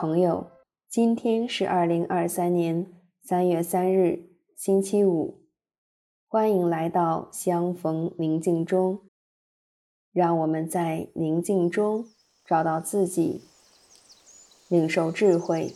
朋友，今天是二零二三年三月三日，星期五，歡迎來到相逢寧靜中，讓我們在寧靜中找到自己，領受智慧。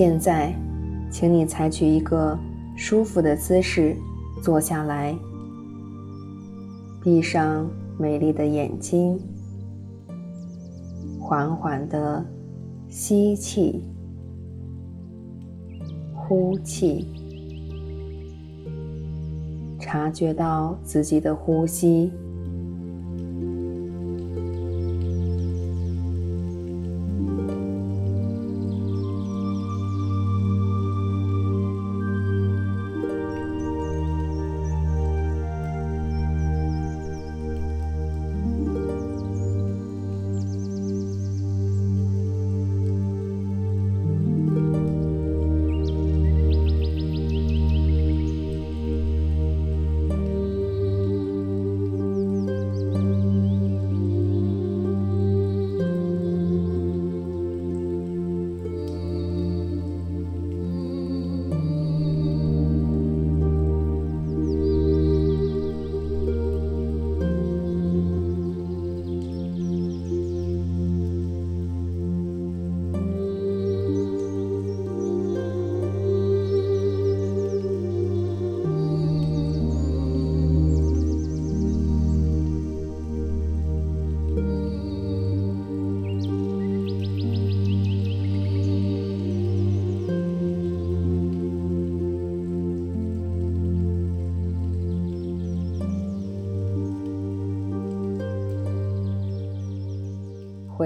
現在，請你採取一個舒服的姿勢坐下來，閉上美麗的眼睛，緩緩的吸氣、呼氣，察覺到自己的呼吸。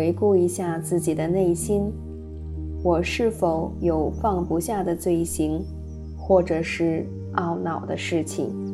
回顧一下自己的內心，我是否有放不下的罪行，或者是懊惱的事情？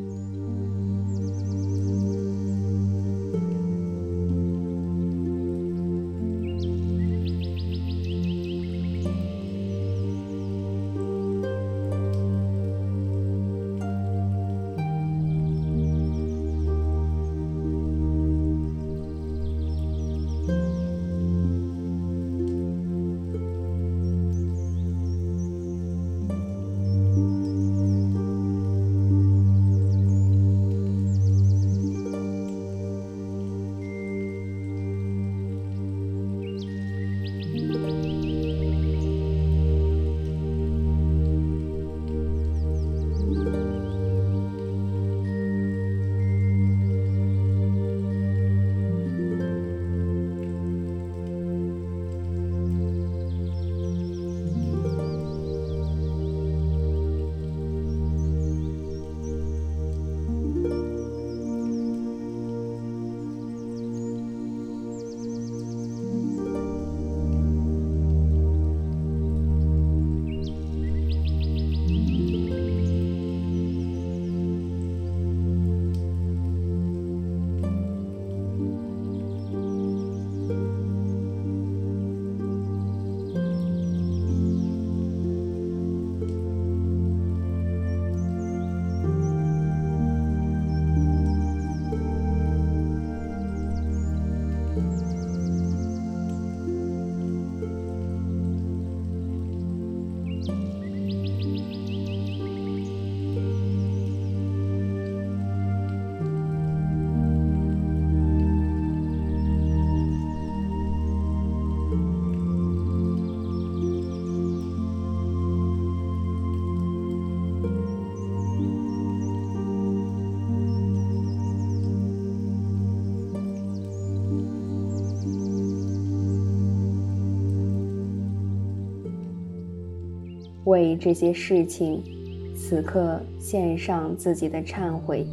為這些事情，此刻獻上自己的懺悔。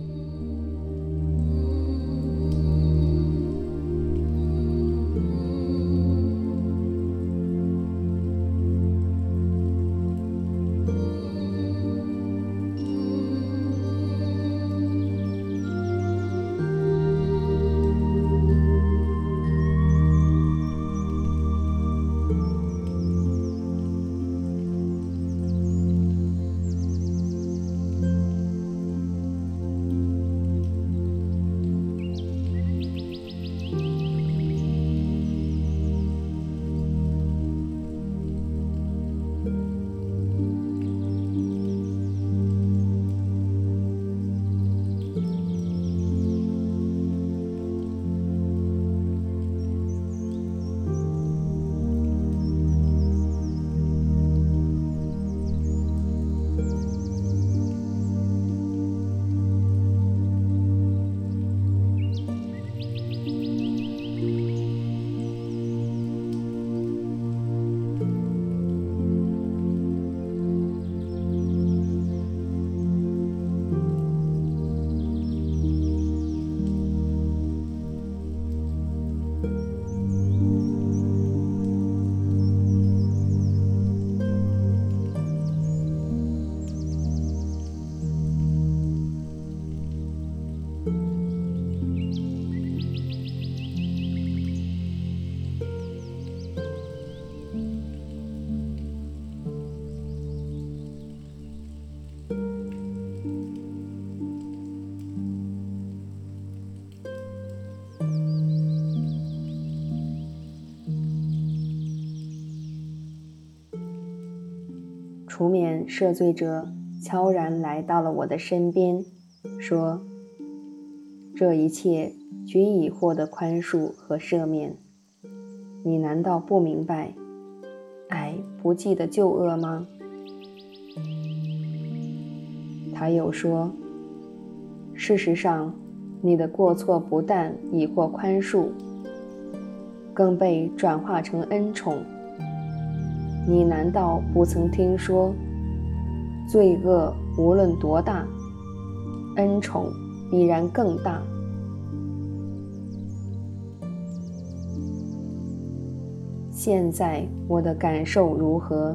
除免赦罪者悄然來到了我的身邊，說：“這一切均已獲得寬恕和赦免，你難道不明白，愛不記得舊惡嗎？”他又說：“事實上，你的過錯不但已獲寬恕，更被轉化成恩寵。”你難道不曾聽說，罪惡無論多大，恩寵必然更大？現在我的感受如何？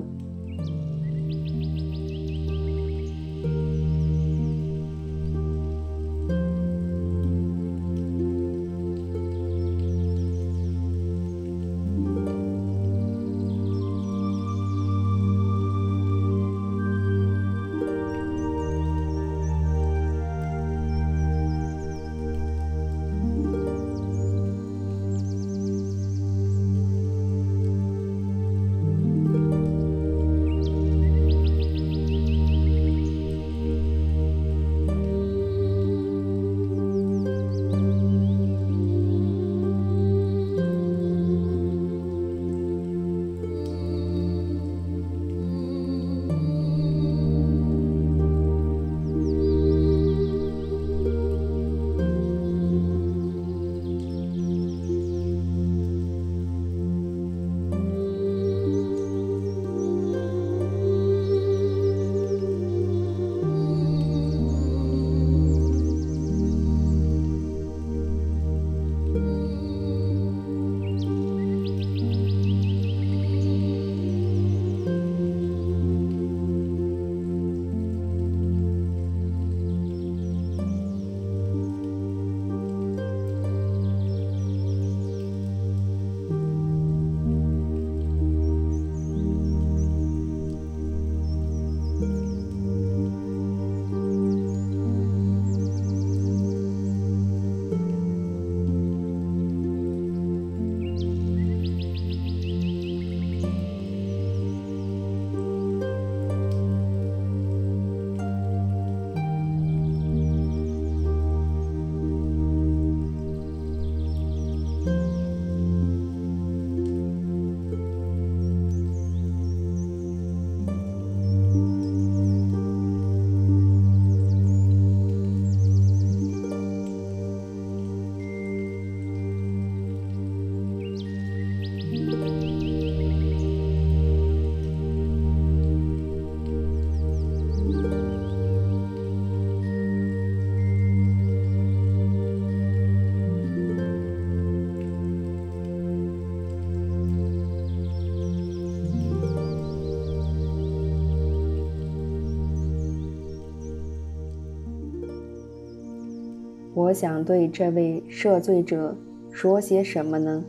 我想對這位赦罪者說些什麼呢？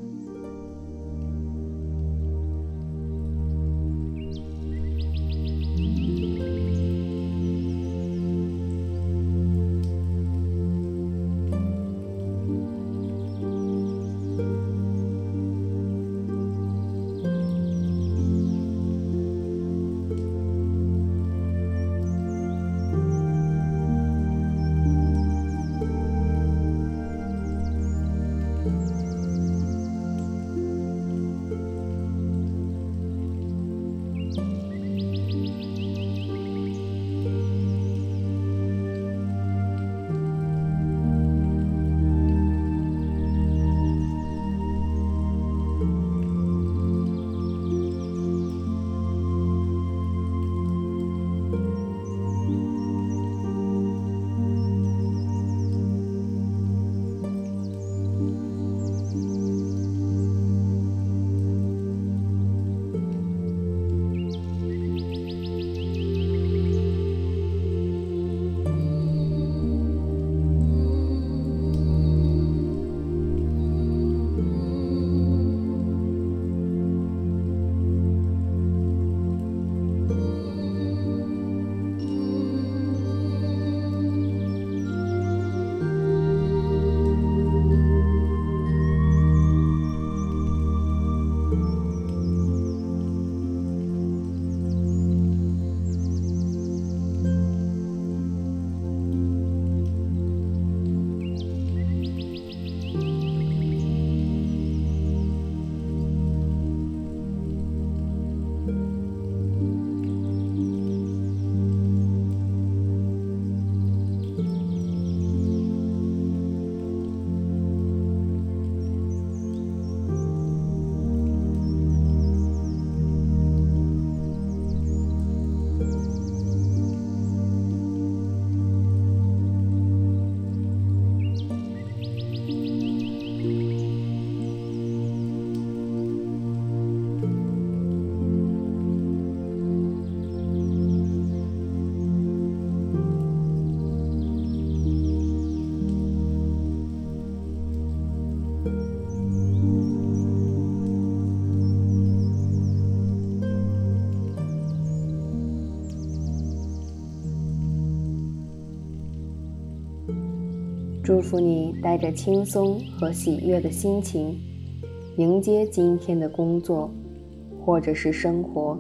祝福你帶着輕鬆和喜悅的心情，迎接今天的工作，或者是生活。